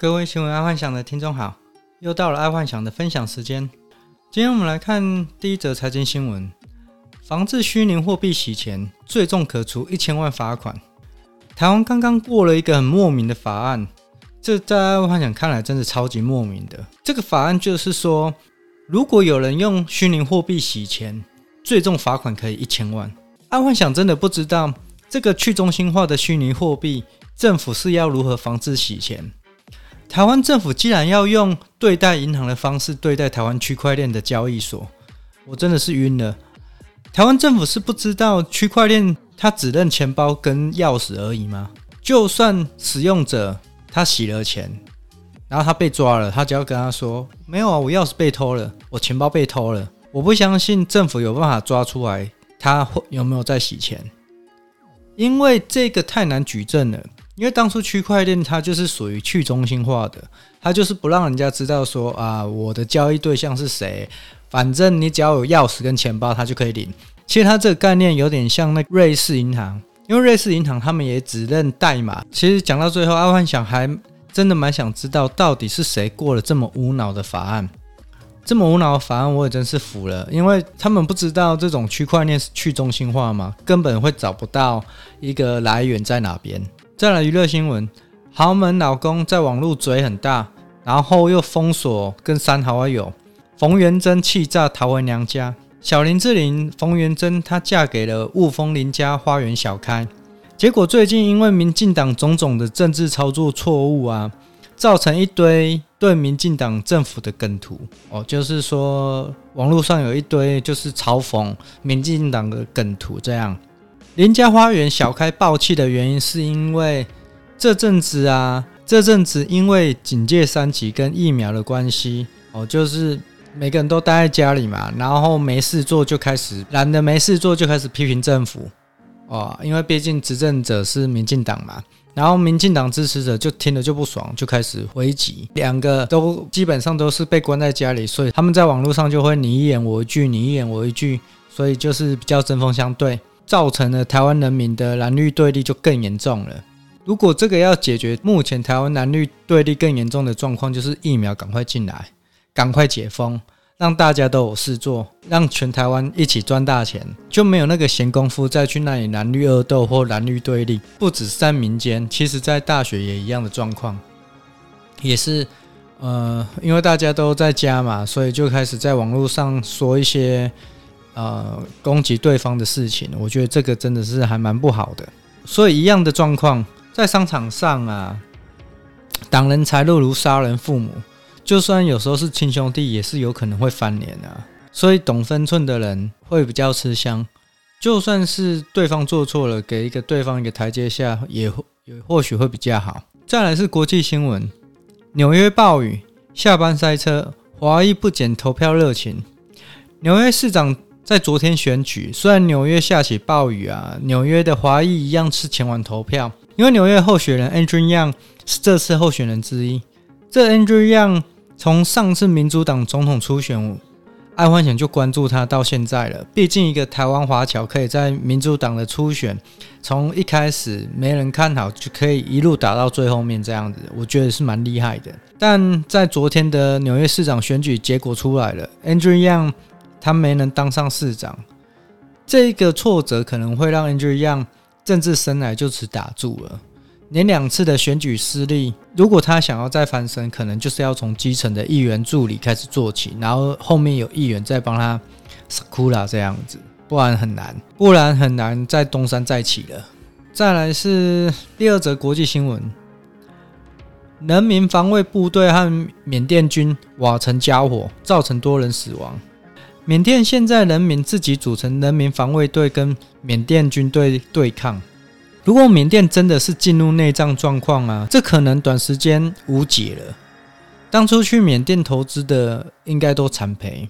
各位新聞愛幻想的聽眾好，又到了愛幻想的分享時間。今天我們來看第一則財經新聞：防制虛擬貨幣洗錢，最重可處一千萬罰款。台灣剛剛過了一個很莫名的法案，這在愛幻想看來，真的超級莫名的。這個法案就是說，如果有人用虛擬貨幣洗錢，最重罰款可以一千萬。愛幻想真的不知道，這個去中心化的虛擬貨幣，政府是要如何防治洗錢？台灣政府既然要用對待銀行的方式對待台灣區塊鏈的交易所，我真的是暈了。台灣政府是不知道區塊鏈它只認錢包跟鑰匙而已嗎？就算使用者他洗了錢，然後他被抓了，他只要跟他說：“沒有啊，我鑰匙被偷了，我錢包被偷了。”我不相信政府有辦法抓出來他有沒有在洗錢，因為這個太難舉證了。因為當初區塊鏈它就是屬於去中心化的，它就是不讓人家知道說啊我的交易對象是誰，反正你只要有鑰匙跟錢包，它就可以領。其實它這個概念有點像那瑞士銀行，因為瑞士銀行他們也只認代碼。其實講到最後，阿、啊、幻想還真的蠻想知道，到底是誰過了這麼無腦的法案？這麼無腦的法案，我也真是服了，因為他們不知道這種區塊鏈是去中心化嘛，根本會找不到一個來源在哪邊。再來娛樂新聞，豪門老公在網絡嘴很大，然後又封鎖跟刪好友，馮媛甄氣炸，逃回娘家。小林志玲，馮媛甄她嫁給了霧峰林家花園小開，結果最近因為民進黨種種的政治操作錯誤啊，造成一堆對民進黨政府的梗圖哦，就是說網絡上有一堆就是嘲諷民進黨的梗圖這樣。林家花園小開爆氣的原因，是因為這陣子啊，這陣子因為警戒三級跟疫苗的關係，哦，就是每個人都待在家裡嘛，然後沒事做就開始，懶得沒事做就開始批評政府，哦，因為畢竟執政者是民進黨嘛，然後民進黨支持者就聽了就不爽，就開始回擊，兩個都基本上都是被關在家裡，所以他們在網絡上就會你一言我一句，你一言我一句，所以就是比較針鋒相對。造成了臺灣人民的藍綠對立就更嚴重了。如果這個要解決，目前臺灣藍綠對立更嚴重的狀況，就是疫苗趕快進來，趕快解封，讓大家都有事做，讓全臺灣一起賺大錢，就沒有那個閒工夫再去那裡藍綠惡鬥或藍綠對立。不止在民間，其實在大學也一樣的狀況，也是呃，因為大家都在家嘛，所以就開始在網絡上說一些。呃，攻擊對方的事情，我覺得這個真的是還蠻不好的。所以一樣的狀況，在商場上啊，擋人財路如殺人父母，就算有時候是親兄弟，也是有可能會翻臉啊。所以懂分寸的人會比較吃香。就算是對方做錯了，給一個對方一個台階下也，也也或許會比較好。再來是國際新聞：紐約暴雨，下班塞車，華裔不減投票熱情。紐約市長。在昨天選舉，雖然紐約下起暴雨啊，紐約的華裔一樣是前往投票，因為紐約候選人 Andrew Yang 是這次候選人之一。這 Andrew Yang 從上次民主黨總統初選，愛幻想就關注他到現在了。畢竟一個台灣華僑可以在民主黨的初選，從一開始沒人看好，就可以一路打到最後面這樣子，我覺得是蠻厲害的。但在昨天的紐約市長選舉結果出來了，Andrew Yang 他沒能當上市長，這個挫折可能會讓 Andrew Yang 政治生涯就此打住了。連兩次的選舉失利，如果他想要再翻身，可能就是要從基層的議員助理開始做起，然後後面有議員再幫他 Sakula 這樣子，不然很難，不然很難再東山再起了，再來是第二則國際新聞：人民防衛部隊和緬甸軍瓦城交火，造成多人死亡。緬甸現在人民自己組成人民防衛隊跟緬甸軍隊對抗。如果緬甸真的是進入內戰狀況啊，這可能短時間無解了。當初去緬甸投資的應該都慘賠。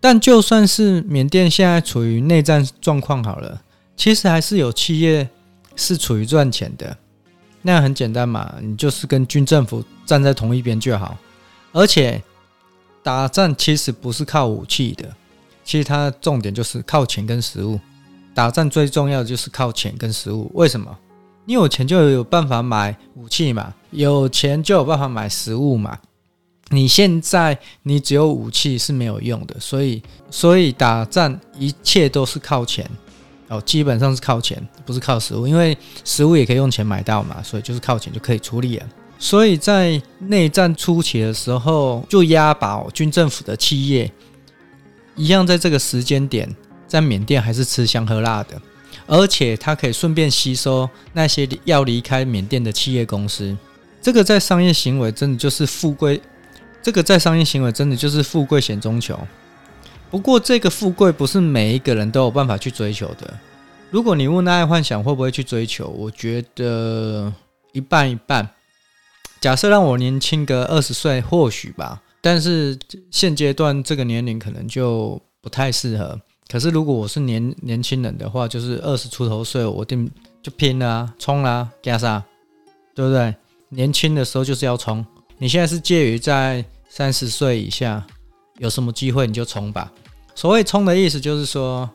但就算是緬甸現在處於內戰狀況好了，其實還是有企業是處於賺錢的。那樣很簡單嘛，你就是跟軍政府站在同一邊就好。而且打仗其實不是靠武器的。其實它重點就是靠錢跟食物。打仗最重要的就是靠錢跟食物。為什麼？你有錢就有辦法買武器嘛，有錢就有辦法買食物嘛。你現在你只有武器是沒有用的，所以所以打仗一切都是靠錢哦，基本上是靠錢，不是靠食物，因為食物也可以用錢買到嘛，所以就是靠錢就可以處理了。所以在內戰初期的時候，就押寶軍政府的企業。一樣，在這個時間點，在緬甸還是吃香喝辣的，而且它可以順便吸收那些要離開緬甸的企業公司。這個在商業行為真的就是富貴，這個在商業行為真的就是富貴險中求。不過，這個富貴不是每一個人都有辦法去追求的。如果你問，那愛幻想會不會去追求，我覺得一半一半。假設讓我年輕個二十歲，或許吧。但是現階段這個年齡可能就不太適合。可是如果我是年年輕人的話，就是二十出頭歲，我定就拼啦、啊、衝啦、啊、加上，對不對？年輕的時候就是要衝。你現在是介於在三十歲以下，有什麼機會你就衝吧。所謂衝的意思就是說，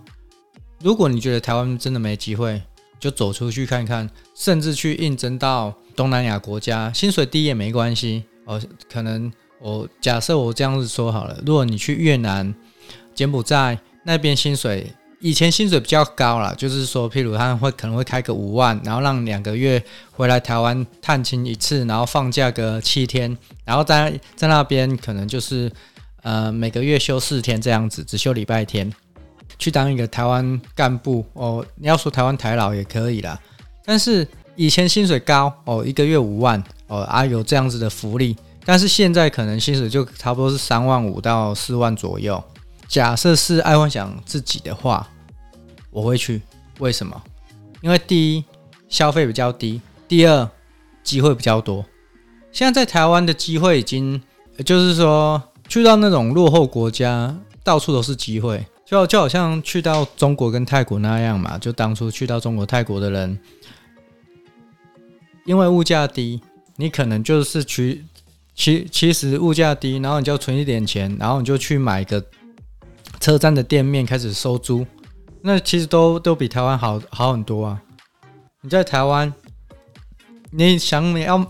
如果你覺得台灣真的沒機會，就走出去看看，甚至去應徵到東南亞國家，薪水低也沒關係，哦，可能。我、哦、假設我這樣子說好了，如果你去越南、柬埔寨那邊，薪水以前薪水比較高啦，就是說，譬如他會可能會開個五萬，然後讓兩個月回來台灣探親一次，然後放假個七天，然後在在那邊可能就是呃每個月休四天這樣子，只休禮拜天，去當一個台灣幹部哦，你要說台灣台勞也可以啦，但是以前薪水高哦，一個月五萬哦啊有這樣子的福利。但是現在可能薪水就差不多是三萬五到四萬左右。假設是愛幻想自己的話，我會去。為什麼？因為第一消費比較低，第二機會比較多。現在在台灣的機會已經，就是說去到那種落後國家，到處都是機會。就就好像去到中國跟泰國那樣嘛。就當初去到中國、泰國的人，因為物價低，你可能就是去。其其實物價低，然後你就存一點錢，然後你就去買一個車站的店面開始收租，那其實都都比台灣好好很多啊！你在台灣，你想你要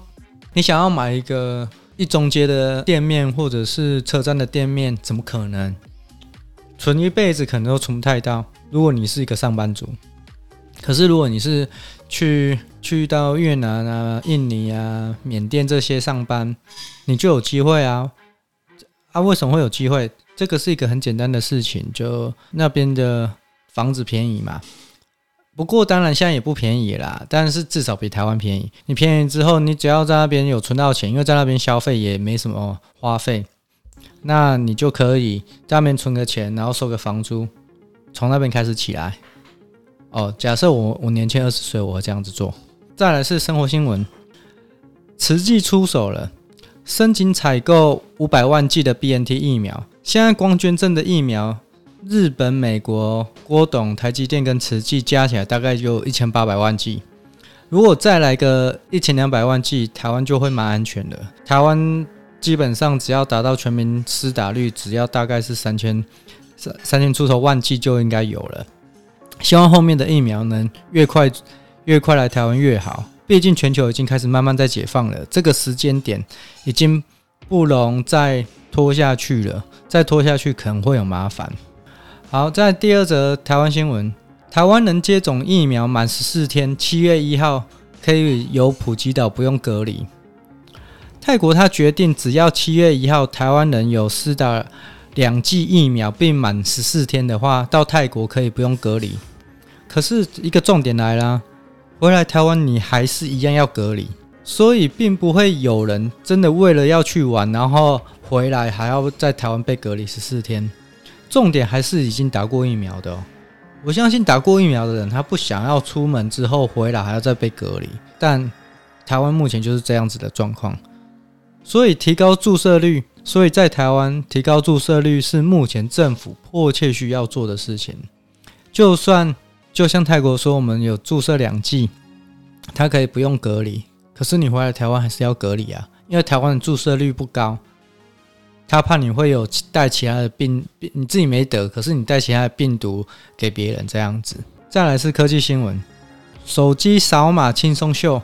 你想要買一個一中街的店面或者是車站的店面，怎麼可能？存一輩子可能都存不太到。如果你是一個上班族，可是如果你是……去去到越南啊、印尼啊、緬甸這些上班，你就有機會啊。啊，為什麼會有機會？這個是一個很簡單的事情，就那邊的房子便宜嘛。不過當然現在也不便宜啦，但是至少比台灣便宜。你便宜之後，你只要在那邊有存到錢，因為在那邊消費也沒什麼花費，那你就可以在那邊存個錢，然後收個房租，從那邊開始起來。哦，假設我我年輕二十歲，我會這樣子做。再來是生活新聞，慈濟出手了，申請採購五百萬劑的 BNT 疫苗。現在光捐贈的疫苗，日本、美國、郭董、台積電跟慈濟加起來大概就一千八百萬劑。如果再來個一千兩百萬劑，台灣就會蠻安全的。台灣基本上只要達到全民施打率，只要大概是三千三三千出頭萬劑就應該有了。希望後面的疫苗能越快越快來台灣越好，畢竟全球已經開始慢慢在解放了，這個時間點已經不容再拖下去了，再拖下去可能會有麻煩。好，在第二則台灣新聞，台灣人接種疫苗滿十四天，七月一號可以遊普吉島不用隔離。泰國他決定，只要七月一號台灣人有四大。兩劑疫苗並滿十四天的話，到泰國可以不用隔離。可是，一個重點來啦，回來台灣你還是一樣要隔離。所以，並不會有人真的為了要去玩，然後回來還要在台灣被隔離十四天。重點還是已經打過疫苗的哦。我相信打過疫苗的人，他不想要出門之後回來還要再被隔離。但台灣目前就是這樣子的狀況，所以提高注射率。所以在台灣提高注射率是目前政府迫切需要做的事情。就算就像泰國說，我們有注射兩劑，它可以不用隔離，可是你回來台灣還是要隔離啊，因為台灣的注射率不高，他怕你會有帶其他的病，你自己沒得，可是你帶其他的病毒給別人這樣子。再來是科技新聞，手機掃碼輕鬆秀，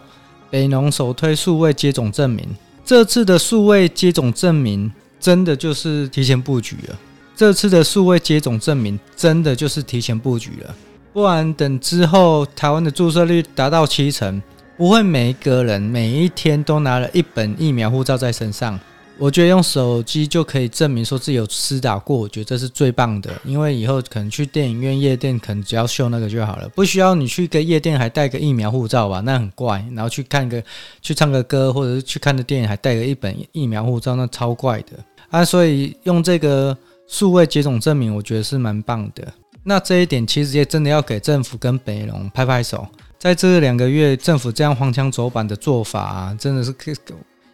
北榮首推數位接種證明。這次的數位接種證明真的就是提前佈局了。這次的數位接種證明真的就是提前佈局了，不然等之後台灣的注射率達到七成，不會每一個人每一天都拿了一本疫苗護照在身上。我覺得用手機就可以證明說自己有施打過，我覺得這是最棒的，因為以後可能去電影院、夜店，可能只要秀那個就好了，不需要你去個夜店還帶個疫苗護照吧，那很怪。然後去看個、去唱個歌，或者是去看個電影，還帶個一本疫苗護照，那超怪的啊！所以用這個數位接種證明，我覺得是蠻棒的。那這一點其實也真的要給政府跟北榮拍拍手，在這兩個月政府這樣荒腔走板的做法、啊，真的是可以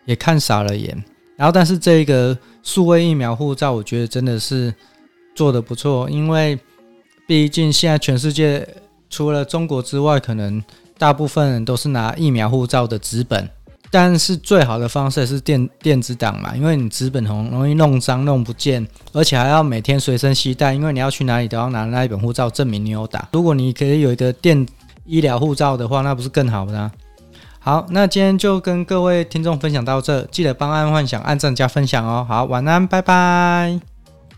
也看傻了眼。然後，但是這個數位疫苗護照，我覺得真的是做得不錯，因為畢竟現在全世界除了中國之外，可能大部分人都是拿疫苗護照的紙本，但是最好的方式是電電子檔嘛，因為你紙本很容易弄髒、弄不見，而且還要每天隨身攜帶，因為你要去哪裡都要拿那一本護照證明你有打。如果你可以有一個電醫療護照的話，那不是更好的嗎？好，那今天就跟各位聽眾分享到這，記得幫按幻想、按讚、加分享哦。好，晚安，拜拜。